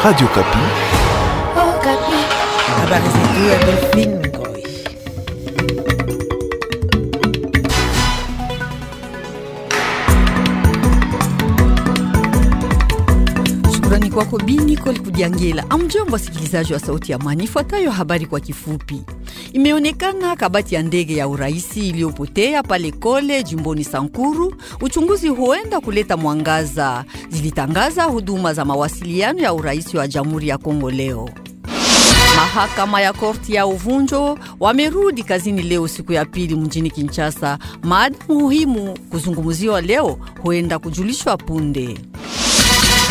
Radio Kapi. Oh, Kapi. Habari zetu ya Delphine. kwako Bi Nicole Kudiangela. Amjambo wasikilizaji wa Sauti ya Amani, ifuatayo habari kwa kifupi. Imeonekana kabati ya ndege ya uraisi iliyopotea pale Kole jimboni Sankuru. Uchunguzi huenda kuleta mwangaza, zilitangaza huduma za mawasiliano ya uraisi wa Jamhuri ya Kongo leo. Mahakama ya korti ya uvunjo wamerudi kazini leo siku ya pili mjini Kinshasa. maadamu muhimu kuzungumziwa leo huenda kujulishwa punde.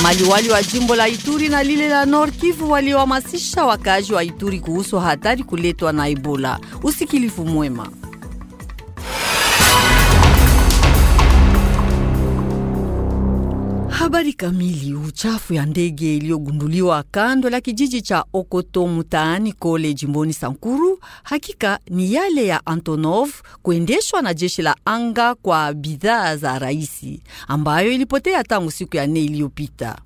Maliwali wa jimbo la Ituri na lile la Nord Kivu waliohamasisha wakaaji wa Ituri kuhusu hatari kuletwa na Ebola. Usikilifu mwema. Habari kamili. Uchafu ya ndege iliyogunduliwa kando la kijiji cha Okoto mtaani Kole jimboni Sankuru hakika ni yale ya Antonov kuendeshwa na jeshi la anga kwa bidhaa za raisi ambayo ilipotea tangu siku ya nne iliyopita.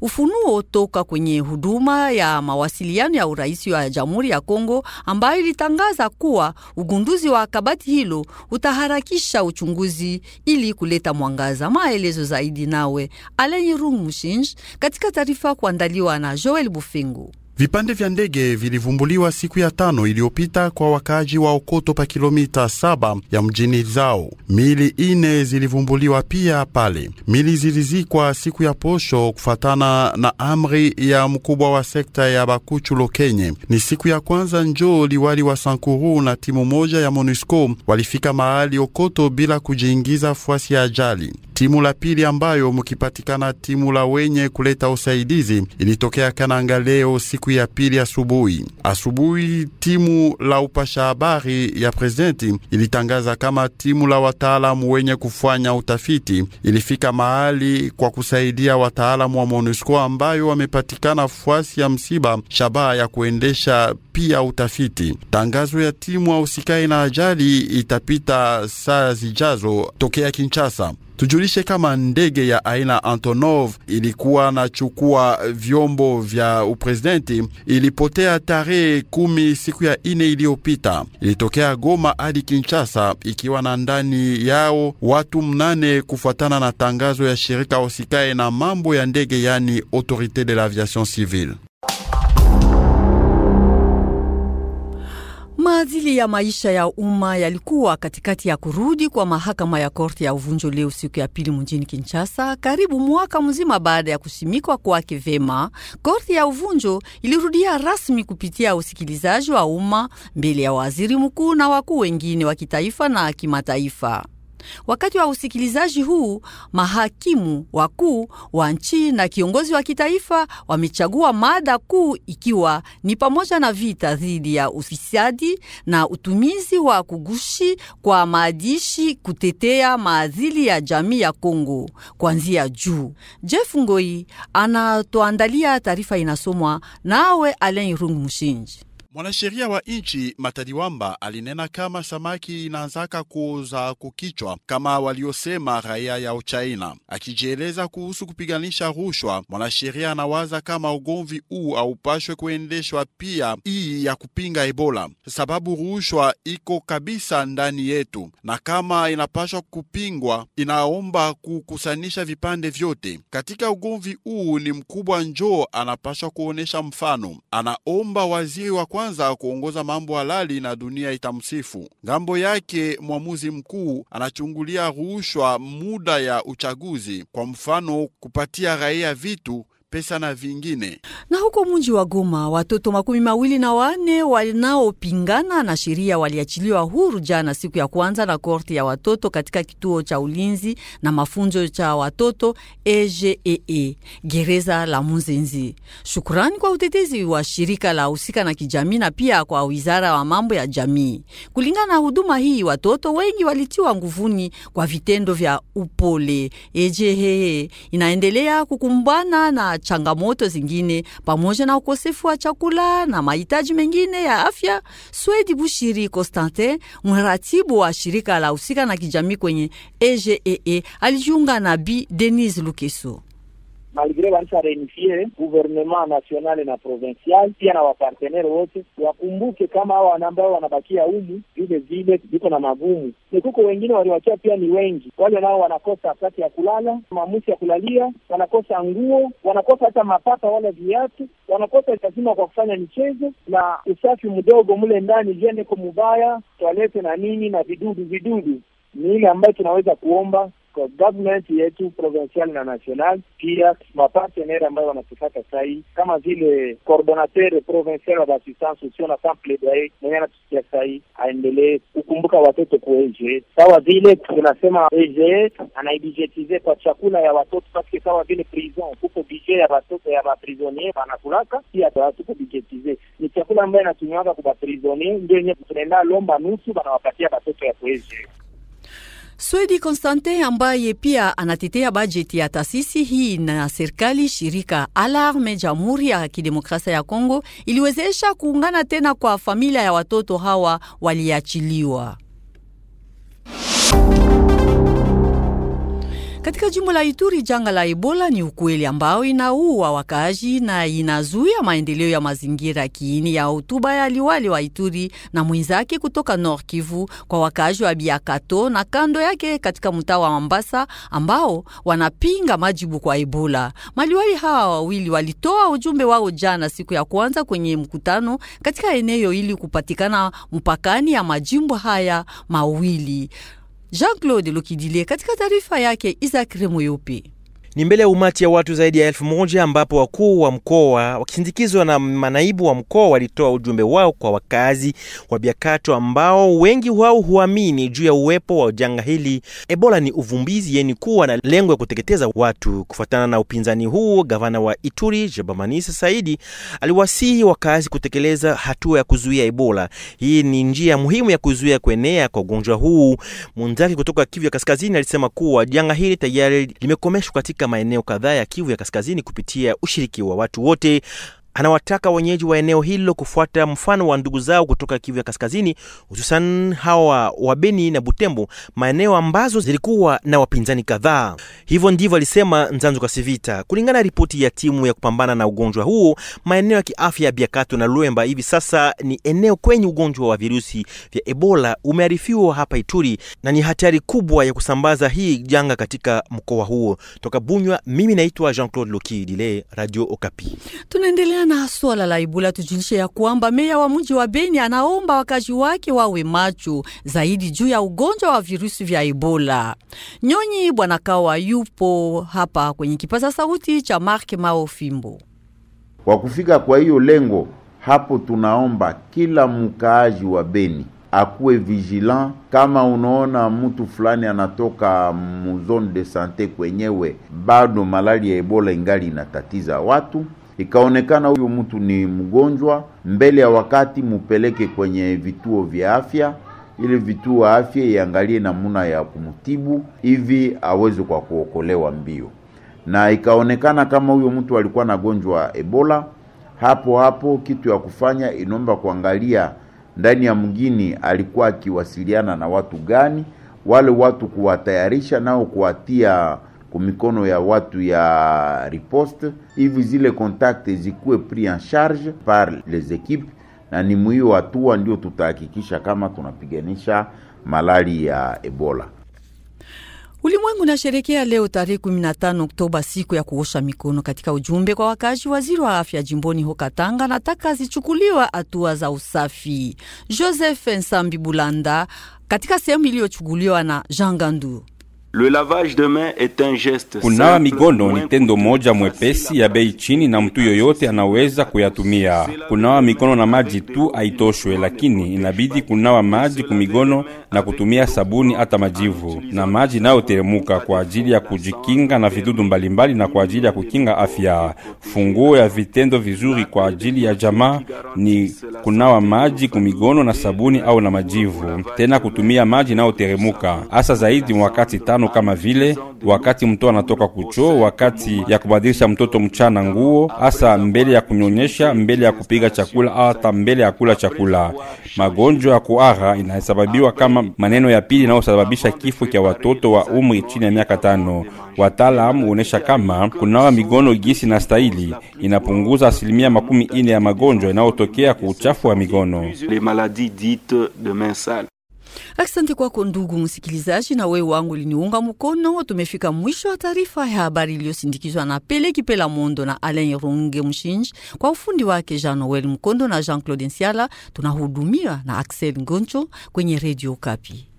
Ufunuo toka kwenye huduma ya mawasiliano ya urais wa Jamhuri ya Kongo ambayo ilitangaza kuwa ugunduzi wa kabati hilo utaharakisha uchunguzi ili kuleta mwangaza. Maelezo zaidi nawe Alain Rung Mushinj katika taarifa kuandaliwa na Joel Bufingu. Vipande vya ndege vilivumbuliwa siku ya tano iliyopita kwa wakaaji wa Okoto pa kilomita saba ya mjini zao. Mili ine zilivumbuliwa pia pale. Mili zilizikwa siku ya posho kufatana na amri ya mkubwa wa sekta ya bakuchu lokenye Ni siku ya kwanza njo liwali wa Sankuru na timu moja ya MONUSCO walifika mahali Okoto bila kujiingiza fuasi ya ajali. Timu la pili ambayo mkipatikana timu la wenye kuleta usaidizi ilitokea Kananga leo siku ya pili asubuhi. Asubuhi timu la upasha habari ya prezidenti ilitangaza kama timu la wataalamu wenye kufanya utafiti ilifika mahali kwa kusaidia wataalamu wa MONUSCO ambayo wamepatikana fuasi ya msiba shabaha ya kuendesha pia utafiti. Tangazo ya timu ausikai na ajali itapita saa zijazo tokea Kinshasa. Tujulishe kama ndege ya aina Antonov ilikuwa na chukua vyombo vya upresidenti ilipotea tarehe kumi siku ya ine iliyopita. Ilitokea Goma hadi Kinshasa ikiwa na ndani yao watu mnane, kufuatana na tangazo ya shirika osikae na mambo ya ndege, yani Autorite de l'Aviation Civile. maadili ya maisha ya umma yalikuwa katikati ya kurudi kwa mahakama ya korti ya uvunjo leo siku ya pili mjini Kinshasa. Karibu mwaka mzima baada ya kushimikwa kwake vema, korti ya uvunjo ilirudia rasmi kupitia usikilizaji wa umma mbele ya waziri mkuu na wakuu wengine wa kitaifa na kimataifa. Wakati wa usikilizaji huu, mahakimu wakuu wa nchi na kiongozi wa kitaifa wamechagua mada kuu, ikiwa ni pamoja na vita dhidi ya ufisadi na utumizi wa kugushi kwa maadishi, kutetea maadili ya jamii ya Kongo kuanzia juu. Jeff Ngoi anatoandalia taarifa, inasomwa nawe Alain rung Mushinji. Mwanasheria wa nchi Matadiwamba alinena kama samaki inaanzaka kuoza kukichwa kama waliosema raia ya Uchaina. Akijieleza kuhusu kupiganisha rushwa, mwanasheria anawaza kama ugomvi huu aupashwe kuendeshwa pia hii ya kupinga Ebola, sababu rushwa iko kabisa ndani yetu, na kama inapashwa kupingwa, inaomba kukusanisha vipande vyote katika ugomvi huu. Ni mkubwa njoo anapashwa kuonesha mfano, anaomba waziri wa kwanza kuongoza mambo halali na dunia itamsifu. Ngambo yake mwamuzi mkuu anachungulia rushwa muda ya uchaguzi, kwa mfano kupatia raia vitu pesa na vingine. Na huko mji wa Goma, watoto makumi mawili na wane wanaopingana na sheria waliachiliwa huru jana siku ya kwanza na korti ya watoto katika kituo cha ulinzi na mafunzo cha watoto EGEE e e, gereza la Muzenzi. Shukrani kwa utetezi wa shirika la husika na kijamii na pia kwa wizara wa mambo ya jamii. Kulingana na huduma hii, watoto wengi walitiwa nguvuni kwa vitendo vya upole. EGEE e inaendelea kukumbana na changamoto zingine pamoja na ukosefu wa chakula na mahitaji mengine ya afya. Swedi Bushiri Constantin, mratibu wa shirika la husika na kijamii kwenye EGEE, e e, alijiunga na Bi Denise Lukeso malgre walisa renifie gouvernement national na provincial pia na wapartenere wote wakumbuke kama hao ambao wanabakia umu vile vile viko na magumu. Ni kuko wengine waliwakia pia ni wengi, wale nao wanakosa wakati ya kulala, maamuzi ya kulalia, wanakosa nguo, wanakosa hata mapata wala viatu, wanakosa lazima kwa kufanya michezo na usafi mdogo mle ndani, jeneko mubaya toalete na nini na vidudu vidudu. Ni ile ambayo tunaweza kuomba kwa government yetu provincial na national pia mapartenere ambayo wanatufata sahii kama vile coordonateur provincial wa basistance usio na sampledoye mwenye anatusikia sahii aendelee kukumbuka watoto ku ege sawa vile tunasema ege anaibijetize kwa chakula ya watoto paske sawa vile prison kuko bije ya watoto ya baprisonie banakulaka pia tuko bijetize ni chakula ambayo kwa kubaprisonie ndio yenye tunaenda lomba nusu banawapatia watoto ya kuege Swedi Constantin ambaye pia anatetea bajeti ya taasisi hii na serikali, shirika Alarme Jamhuri ya Kidemokrasia ya Kongo iliwezesha kuungana tena kwa familia ya watoto hawa waliachiliwa. Katika jimbo la Ituri, janga la Ebola ni ukweli ambao inaua wakaaji na inazuia maendeleo ya mazingira, kiini ya hotuba ya liwali wa Ituri na mwenzake kutoka Nord Kivu kwa wakaaji wa Biakato na kando yake katika mtaa wa Mambasa ambao wanapinga majibu kwa Ebola. Maliwali hawa wawili walitoa ujumbe wao jana siku ya kwanza kwenye mkutano katika eneo ili kupatikana mpakani ya majimbo haya mawili. Jean-Claude Lokidile katika taarifa yake isak Remoyope ni mbele ya umati ya watu zaidi ya elfu moja ambapo wakuu wa mkoa wakisindikizwa na manaibu wa mkoa walitoa ujumbe wao kwa wakazi wa Biakato ambao wengi wao huamini juu ya uwepo wa janga hili Ebola ni uvumbizi yeni kuwa na lengo ya kuteketeza watu. Kufuatana na upinzani huu, gavana wa Ituri Jabamanisa Saidi aliwasihi wakazi kutekeleza hatua ya kuzuia Ebola. Hii ni njia muhimu ya kuzuia kuenea kwa ugonjwa huu. Mwenzake kutoka Kivu ya Kaskazini alisema kuwa janga hili tayari limekomeshwa katika katika maeneo kadhaa ya Kivu ya Kaskazini kupitia ushiriki wa watu wote Anawataka wenyeji wa eneo hilo kufuata mfano wa ndugu zao kutoka Kivu ya Kaskazini, hususan hawa wa Beni na Butembo, maeneo ambazo zilikuwa na wapinzani kadhaa. Hivyo ndivyo alisema Nzanzu Kasivita. Kulingana na ripoti ya timu ya kupambana na ugonjwa huo, maeneo ya kiafya ya biakatu na Luemba hivi sasa ni eneo kwenye ugonjwa wa virusi vya Ebola umearifiwa hapa Ituri, na ni hatari kubwa ya kusambaza hii janga katika mkoa huo. Toka Bunywa, mimi naitwa Jean Claude Lokidile, Radio Okapi. Tunaendelea Kuhusiana na swala la Ebola, tujulishe ya kwamba meya wa mji wa Beni anaomba wakazi wake wawe macho zaidi juu ya ugonjwa wa virusi vya Ebola. Nyonyi Bwana Kawa yupo hapa kwenye kipaza sauti cha Mark Mao Fimbo kwa kufika kwa hiyo lengo hapo, tunaomba kila mkaaji wa Beni akuwe vigilant. Kama unaona mtu fulani anatoka muzone de sante kwenyewe bado malaria ya Ebola ingali inatatiza watu ikaonekana huyu mtu ni mgonjwa, mbele ya wakati mupeleke kwenye vituo vya afya, ili vituo vya afya iangalie namna ya kumtibu hivi aweze kwa kuokolewa mbio. Na ikaonekana kama huyo mtu alikuwa na gonjwa Ebola. Hapo hapo kitu ya kufanya inaomba kuangalia ndani ya mgini alikuwa akiwasiliana na watu gani, wale watu kuwatayarisha nao kuwatia kumikono ya watu ya riposte, hivi zile kontakte zikuwe pris en charge par les equipes, na ni mwiyo hatua ndio tutahakikisha kama tunapiganisha malali ya Ebola. Ulimwengu unasherekea leo tarehe 15 Oktoba siku ya kuosha mikono. Katika ujumbe kwa wakazi, waziri wa afya jimboni Hokatanga nataka zichukuliwa hatua za usafi. Joseph Nsambi Bulanda katika sehemu iliyochukuliwa na Jean Gandu. Le lavage de main est un geste kunawa mikono ni tendo moja mwepesi ya bei chini na mtu yoyote anaweza kuyatumia. Kunawa mikono na maji tu haitoshwe, lakini inabidi kunawa maji kumigono na kutumia sabuni hata majivu na maji nayoteremuka kwa ajili ya kujikinga na vidudu mbalimbali na kwa ajili ya kukinga afya. Funguo ya vitendo vizuri kwa ajili ya jamaa ni kunawa maji kumigono na sabuni au na majivu, tena kutumia maji nayoteremuka hasa zaidi wakati tano mfano kama vile wakati mtu anatoka kuchoo, wakati ya kubadilisha mtoto mchana nguo, hasa mbele ya kunyonyesha, mbele ya kupiga chakula, hata mbele ya kula chakula. Magonjwa ya kuhara inasababiwa kama maneno ya pili inayosababisha kifo kya watoto wa umri chini ya miaka tano. Wataalam huonesha kama kunawa migono gisi na stahili inapunguza asilimia makumi ine ya magonjwa inayotokea kwa uchafu wa migono. Asante kwako ndugu msikilizaji, na wewe wangu liniunga mkono. Tumefika mwisho wa taarifa ya habari iliyosindikizwa na Pele Kipela Mondo na Alain Runge Mshinji kwa ufundi wake Jean Noel Mkondo na Jean Claude Nsiala. Tunahudumia na Axel Ngoncho kwenye Redio Kapi.